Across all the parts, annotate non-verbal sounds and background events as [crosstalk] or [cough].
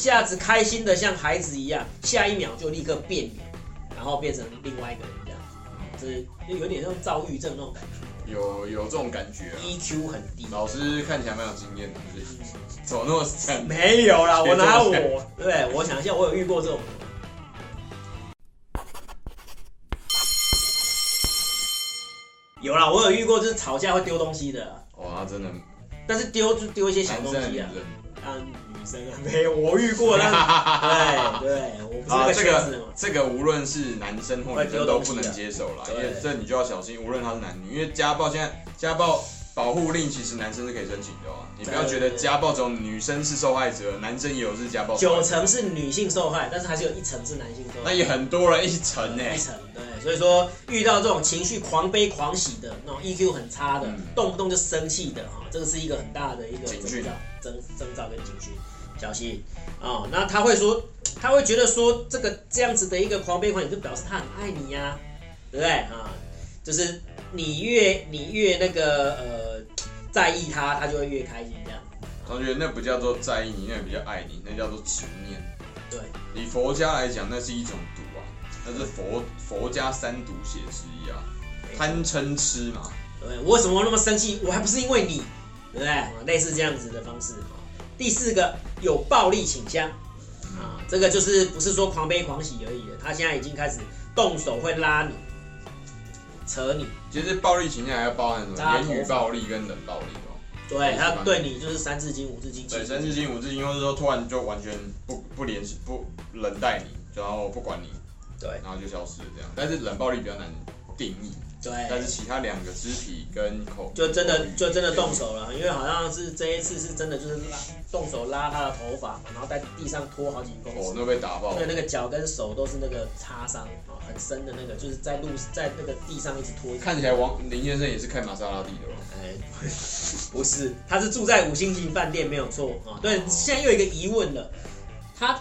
一下子開心的像孩子一樣，下一秒就立刻變臉，然後變成另外一個人這樣，嗯、就是就有點像躁鬱症那種感覺，有有這種感覺啊？EQ 很低。老師看起來蠻有經驗的，對 [laughs] 怎麼那麼慘？沒有啦，我拿我， [laughs] 對，我想一下，我有遇過這種。有啦，我有遇過，就是吵架會丟東西的。哇、哦，他真的。但是丟就丟一些小東西啊。嗯。女生啊，沒有我遇過那 [laughs] 對對， [laughs] 對，對，我不知道這個、啊、這個，這個、無論是男生或女生都不能接受了，因為這你就要小心，無論他是男女，因為家暴現在家暴保護令其實男生是可以申請的哦、啊。你不要覺得家暴這種女生是受害者，男生也有是家暴。九成是女性受害，但是還是有一成是男性，受害者。那也很多人一成呢？、欸。一成，對，所以說遇到這種情緒狂悲狂喜的那種 EQ 很差的、嗯，動不動就生氣的哈、哦，這個是一個很大的一個警訊的徵兆徵、兆徵、徵、徵兆跟情緒消息。哦、嗯，那他會說，他會覺得說，這個這樣子的一個狂悲狂，也就表示他很愛你呀、啊，對不對啊、嗯？就是你越你越那個呃在意他，他就會越開心這樣子。他覺得那不叫做在意你，那也比較愛你，那叫做執念。對，以佛家來講，那是一種毒啊，那是佛佛家三毒邪之一啊，貪嗔痴嘛。對，我為什麼那麼生氣？我還不是因為你，對不對？嗯、類似這樣子的方式。第四個有暴力傾向啊，這個就是不是說狂悲狂喜而已，他現在已經開始動手會拉你、扯你。其實暴力傾向還要包含什麼？言語暴力跟冷暴力哦。對，他對你就是三字經、五字經。對，三字經、五字經，又是說突然就完全不不聯繫、不冷待你，然後不管你，對，然後就消失這樣。但是冷暴力比較難定義。對，但是其他兩個肢體跟口就真的就真的動手了，因為好像是這一次是真的就是拉動手拉他的頭髮，然後在地上拖好幾公尺，哦，都被打爆了，對，那個腳跟手都是那個擦傷啊，哦，很深的那個，就是在路在那個地上一直拖，一拖，看起來王林先生也是開瑪莎拉蒂的哦，哎，欸，不是， [laughs] 他是住在五星級飯店沒有錯啊，哦，對，現在又有一個疑問了，他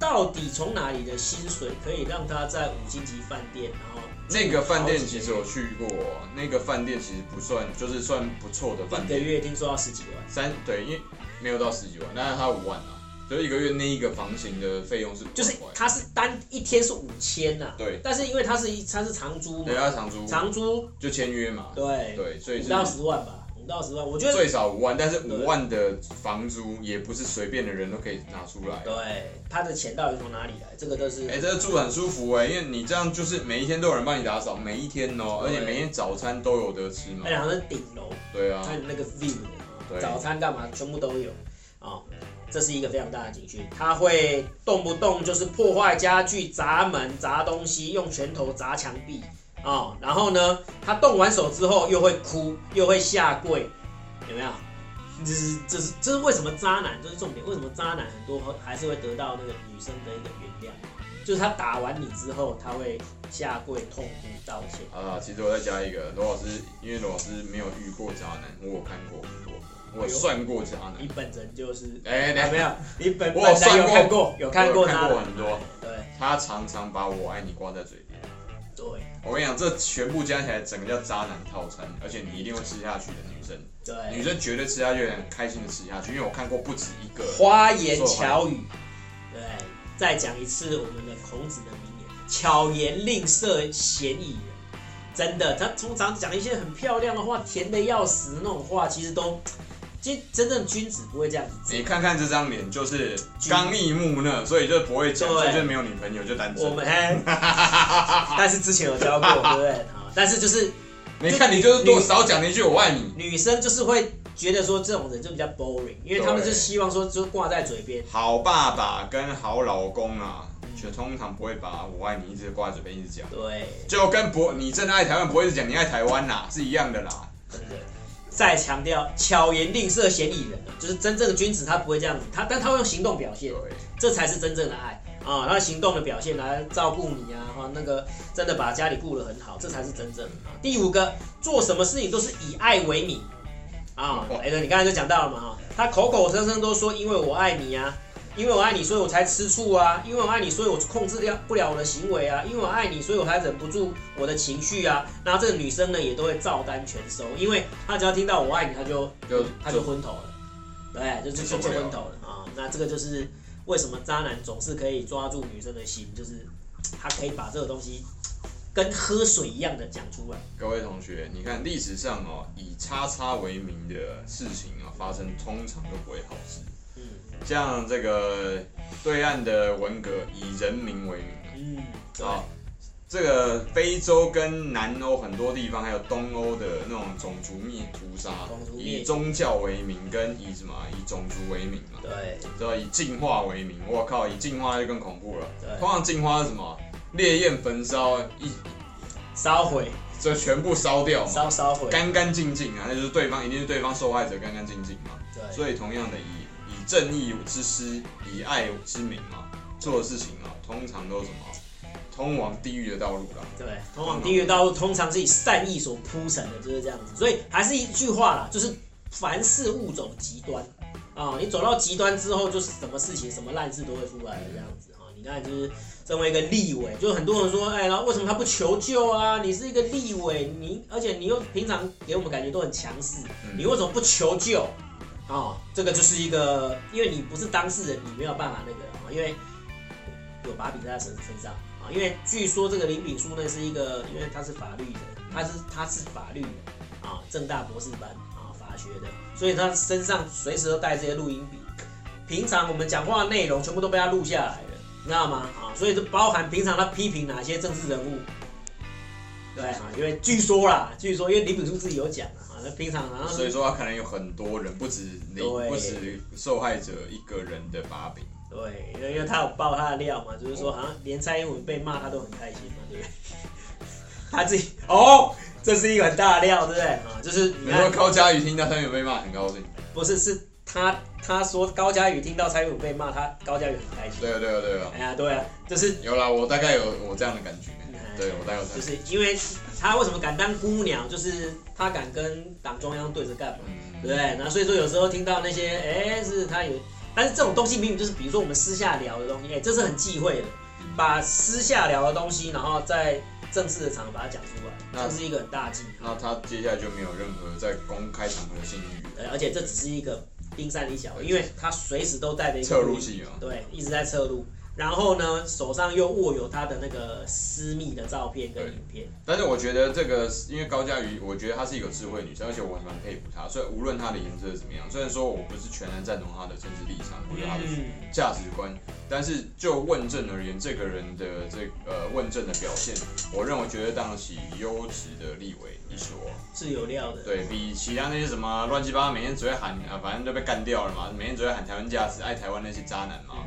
到底從哪裡的薪水可以讓他在五星級飯店然後？那個飯店其實我去過、啊，那個飯店其實不算，就是算不錯的飯店。一個月聽說要十幾萬。三對，因為沒有到十幾萬，但是他五萬啊，所以一個月那一個房型的費用是五萬。就是他是單一天是五千啊。對。但是因為他是一他是長租嘛。對，他長租。長租就簽約嘛。對。對，所以是不到十萬吧。到十萬，我覺得最少五萬，但是五萬的房租也不是隨便的人都可以拿出來。對，他的錢到底從哪裡來？這個都是。哎，這個住很舒服哎、欸，因為你這樣就是每一天都有人幫你打掃，每一天哦，而且每一天早餐都有得吃嘛。哎，好像是頂樓。對啊。看那個 view，對。早餐幹嘛？全部都有啊、哦。這是一個非常大的警訊，他會動不動就是破壞家具、砸門、砸東西，用拳頭砸牆壁。啊、哦，然後呢，他動完手之後又會哭，又會下跪，有沒有？這是、這是、這是為什麼渣男？這是重點，為什麼渣男很多還是會得到那個女生的一個原諒？就是他打完你之後，他會下跪痛哭道歉。啊、呃，其實我再加一個羅老師，因為羅老師沒有遇過渣男，我有看過很多，我有算過渣男、哎。你本人就是？哎，沒有、啊啊，沒有，你本人有，我有算過，有看過，有看過很多。對，他常常把我愛、哎、你掛在嘴邊。對，我跟你講，這全部加起來，整個叫渣男套餐，而且你一定會吃下去的，女生。對，女生絕對吃下去，很開心的吃下去。因為我看過不止一個花言巧語。對，再講一次我們的孔子的名言：巧言令色，鮮矣仁。真的，他通常講一些很漂亮的話，甜的要死的那種話，其實都。其實真正君子不會這樣子。你看看這張臉，就是剛毅木訥，所以就不會講。所以就沒有女朋友，就單身。我們 [laughs] 但是之前有交過， [laughs] 對不對，好，但是就是，你看你就是多少講了一句“我愛你”，女生就是會覺得說這種人就比較 boring，因為他們就希望說就掛在嘴邊。好爸爸跟好老公啊，就、嗯、通常不會把我愛你一直掛嘴邊一直講。對，就跟不你真的愛台灣不會一直講你愛台灣啦，是一樣的啦。再強調，巧言令色鮮矣仁，就是真正的君子，他不會這樣子，他但他會用行動表現，這才是真正的愛啊。他、哦、行動的表現來照顧你啊，哈、哦，那個真的把家裡顧得很好，這才是真正的、哦。第五個，做什麼事情都是以愛為名啊、哦，對，你剛才就講到了嘛哈、哦，他口口聲聲都說因為我愛你啊。因為我愛你，所以我才吃醋啊！因為我愛你，所以我控制掉不了我的行為啊！因為我愛你，所以我才忍不住我的情緒啊！然後這個女生呢，也都會照單全收，因為她只要聽到我愛你，她就她就，就，就昏頭了，對，就就就就昏頭了啊、哦！那這個就是為什麼渣男總是可以抓住女生的心，就是他可以把這個東西跟喝水一樣的講出來。各位同學，你看歷史上哦，以叉叉為名的事情啊，發生通常都不會好事。像這個對岸的文革，以人民為名、啊，嗯，啊、哦，這個非洲跟南歐很多地方，還有東歐的那種種族滅屠殺，以宗教為名，跟以什麼以種族為名嘛，對，知道以進化為名，我靠，以進化就更恐怖了，對，通常進化是什麼？烈焰焚燒，一燒毀，就全部燒掉嘛，燒燒毀，干干淨淨啊，那就是對方一定是對方受害者，干干淨淨嘛，對，所以同樣的以。正義有之師，以愛有之名、啊、做的事情啊，通常都是什麼？通往地獄的道路啦、啊。對，通往地獄道路通常是以善意所鋪成的，就是這樣子。所以還是一句話啦，就是凡事勿走極端啊、哦。你走到極端之後，就是什麼事情什麼爛事都會出來的這樣子、嗯、你看就是身為一個立委，就很多人說，哎、欸，然後為什麼他不求救啊？你是一個立委，你而且你又平常給我們感覺都很強勢、嗯，你為什麼不求救？哦，這個就是一個，因為你不是當事人，你沒有辦法那個啊、哦，因為有把柄在他身身上啊、哦。因為據說這個林秉樞呢是一個，因為他是法律人，他是他是法律人啊、哦，政大博士班啊、哦，法學的，所以他身上隨時都帶這些錄音筆，平常我們講話的內容全部都被他錄下來了，知道嗎？啊、哦，所以就包含平常他批評哪些政治人物。對啊，因為據說啦，據說因為林秉樞自己有講啊，那平常啊，所以說他可能有很多人，不止你，不止受害者一個人的把柄。對，因為因為他有爆他的料嘛，就是說好像連蔡英文被罵他都很開心嘛，對不對？他自己哦，這是一碗大料，對不對啊？就是你，你說高嘉瑜聽到蔡英文被罵很高興，不是？是他他說高嘉瑜聽到蔡英文被罵他，他高嘉瑜很開心。對啊，對啊，對啊。哎呀，對啊，就是有啦，我大概有我這樣的感覺。對，我待會兒待會兒就是因為他為什麼敢當姑娘？就是他敢跟黨中央對着幹嘛？對、嗯、不對？那所以說有時候聽到那些，哎、欸，是他有，但是這種東西明明就是，比如說我們私下聊的東西，哎、欸，這是很忌諱的，把私下聊的東西，然後在正式的場合把它講出來，這、就是一個很大忌。那他接下來就沒有任何在公開場合的信譽。而且這只是一個冰山一角，因為他隨時都帶着一個入對，一直在側錄。然後呢，手上又握有他的那個私密的照片跟影片。但是我覺得這個，因為高嘉瑜，我覺得她是一個智慧女生，而且我蠻佩服她。所以無論她的顏色怎麼樣，雖然說我不是全然贊同她的政治立場或者她的價值觀，嗯、但是就問政而言，這個人的這個、呃問政的表現，我認為絕對當得起優質的立委。你說？是有料的。對比其他那些什麼亂七八糟，每天只會喊啊，反正都被幹掉了嘛，每天只會喊台灣價值、愛台灣那些渣男嘛。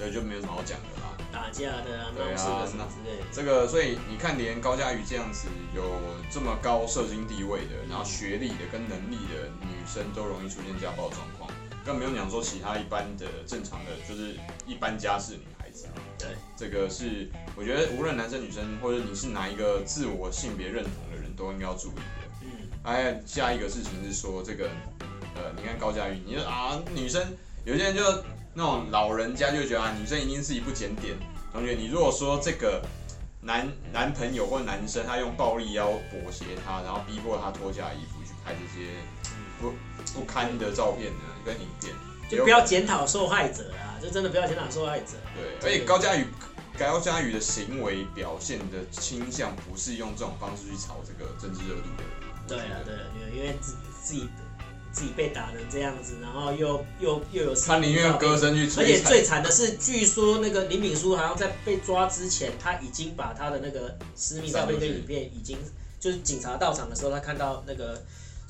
所以就沒有什麼好講的啦，打架的啊，對不、啊、這個，所以你看，連高嘉瑜這樣子有這麼高社經地位的，然後學歷的跟能力的女生，都容易出現家暴狀況，更不用講說其他一般的正常的，就是一般家世女孩子。對，這個是我覺得無論男生女生，或者你是哪一個自我性別認同的人都應該要注意的。嗯，哎、啊，下一個事情是說這個，呃，你看高嘉瑜，你說啊，女生有些人就。那種老人家就覺得啊，女生一定是一不檢點同學。你如果說這個男男朋友或男生他用暴力要剝削她，然後逼迫她脫下衣服去拍這些不不堪的照片呢？跟影片，就不要檢討受害者啊，就真的不要檢討受害者對。對，而且高嘉瑜，高嘉瑜的行為表現的傾向不是用這種方式去炒這個政治熱度的對。對了，對了，因為自自己。自己被打成這樣子，然後又又又有他寧願用歌聲去，而且最慘的是，據說那個林秉樞好像在被抓之前，他已經把他的那個私密照片跟影片已經，就是警察到場的時候，他看到那個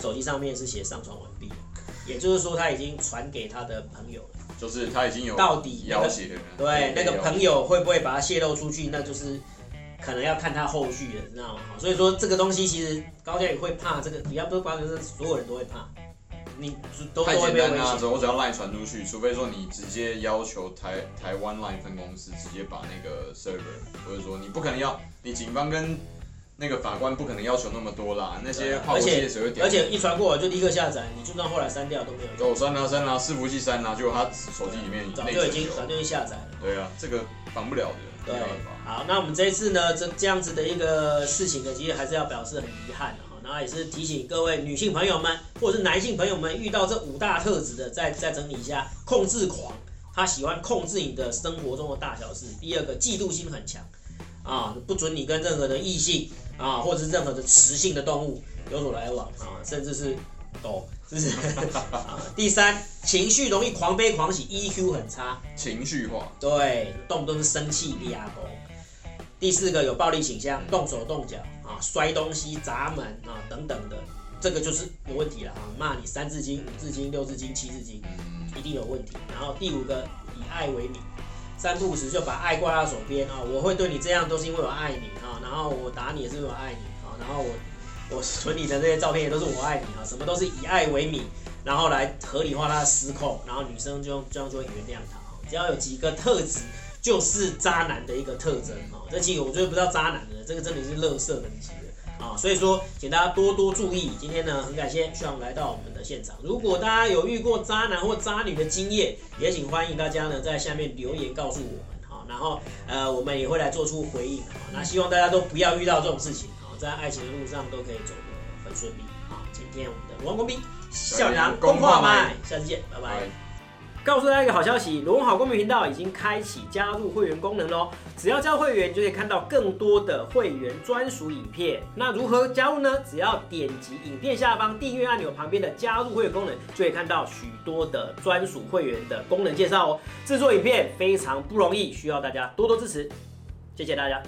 手機上面是寫上傳完畢，也就是說他已經傳給他的朋友了，就是他已經有了了到底要、那、挾、個、對，對那個朋友會不會把他泄露出去，那就是可能要看他後續的，知道嗎？所以說這個東西其實高嘉瑜會怕這個，你要不是高嘉瑜，所有人都會怕。你都太簡單、啊、都了我只，只要 line 傳出去，除非說你直接要求台台灣 line 分公司直接把那個 server，或者說你不可能要你警方跟那個法官不可能要求那麼多啦，那些而且而且一傳過就立刻下載，你就算後來刪掉都沒有用。給我刪了刪了伺服器刪啦、啊，就他手機裡面早就已經早就已經下載了。對啊，這個防不了的。對的法，好，那我們這一次呢，這這樣子的一個事情呢，其實還是要表示很遺憾啊。那、啊、也是提醒各位女性朋友們，或者是男性朋友們，遇到這五大特質的，再再整理一下。控制狂，他喜歡控制你的生活中的大小事。第二個，嫉妒心很強，啊，不准你跟任何的異性啊，或者是任何的雌性的動物有所來往啊，甚至是狗。這是、 [laughs] [laughs] 啊、第三，情緒容易狂悲狂喜，EQ 很差，情緒化。對，動不動是生氣一牙。第四個，有暴力傾向，動手動腳。摔東西、砸門啊，等等的，這個就是有問題了啊！罵你三字經、五字經、六字經、七字經，一定有問題。然後第五個，以愛為名，三不五時就把愛掛到手邊啊！我會對你這樣，都是因為我愛你啊！然後我打你也是因為我愛你啊！然後我我存你的這些照片也都是我愛你啊！什麼都是以愛為名，然後來合理化他的失控，然後女生就，就這樣做原諒他啊！只要有幾個特質。就是渣男的一個特徵啊，這期我覺得不叫渣男的，這個真的是垃圾等級的啊，所以說請大家多多注意。今天呢，很感謝 Sean 來到我們的現場。如果大家有遇過渣男或渣女的經驗，也請歡迎大家呢在下面留言告訴我們哈，然後呃，我們也會來做出回應。那希望大家都不要遇到這種事情啊，在愛情的路上都可以走得很順利啊。今天我們的王國兵、小楊公話麥，下次見，拜拜、哎。告訴大家一個好消息，羅文好公民頻道已經開啟加入會員功能哦，只要加入會員，就可以看到更多的會員專屬影片。那如何加入呢？只要點擊影片下方訂閱按鈕旁邊的加入會員功能，就可以看到許多的專屬會員的功能介紹哦。制作影片非常不容易，需要大家多多支持，謝謝大家。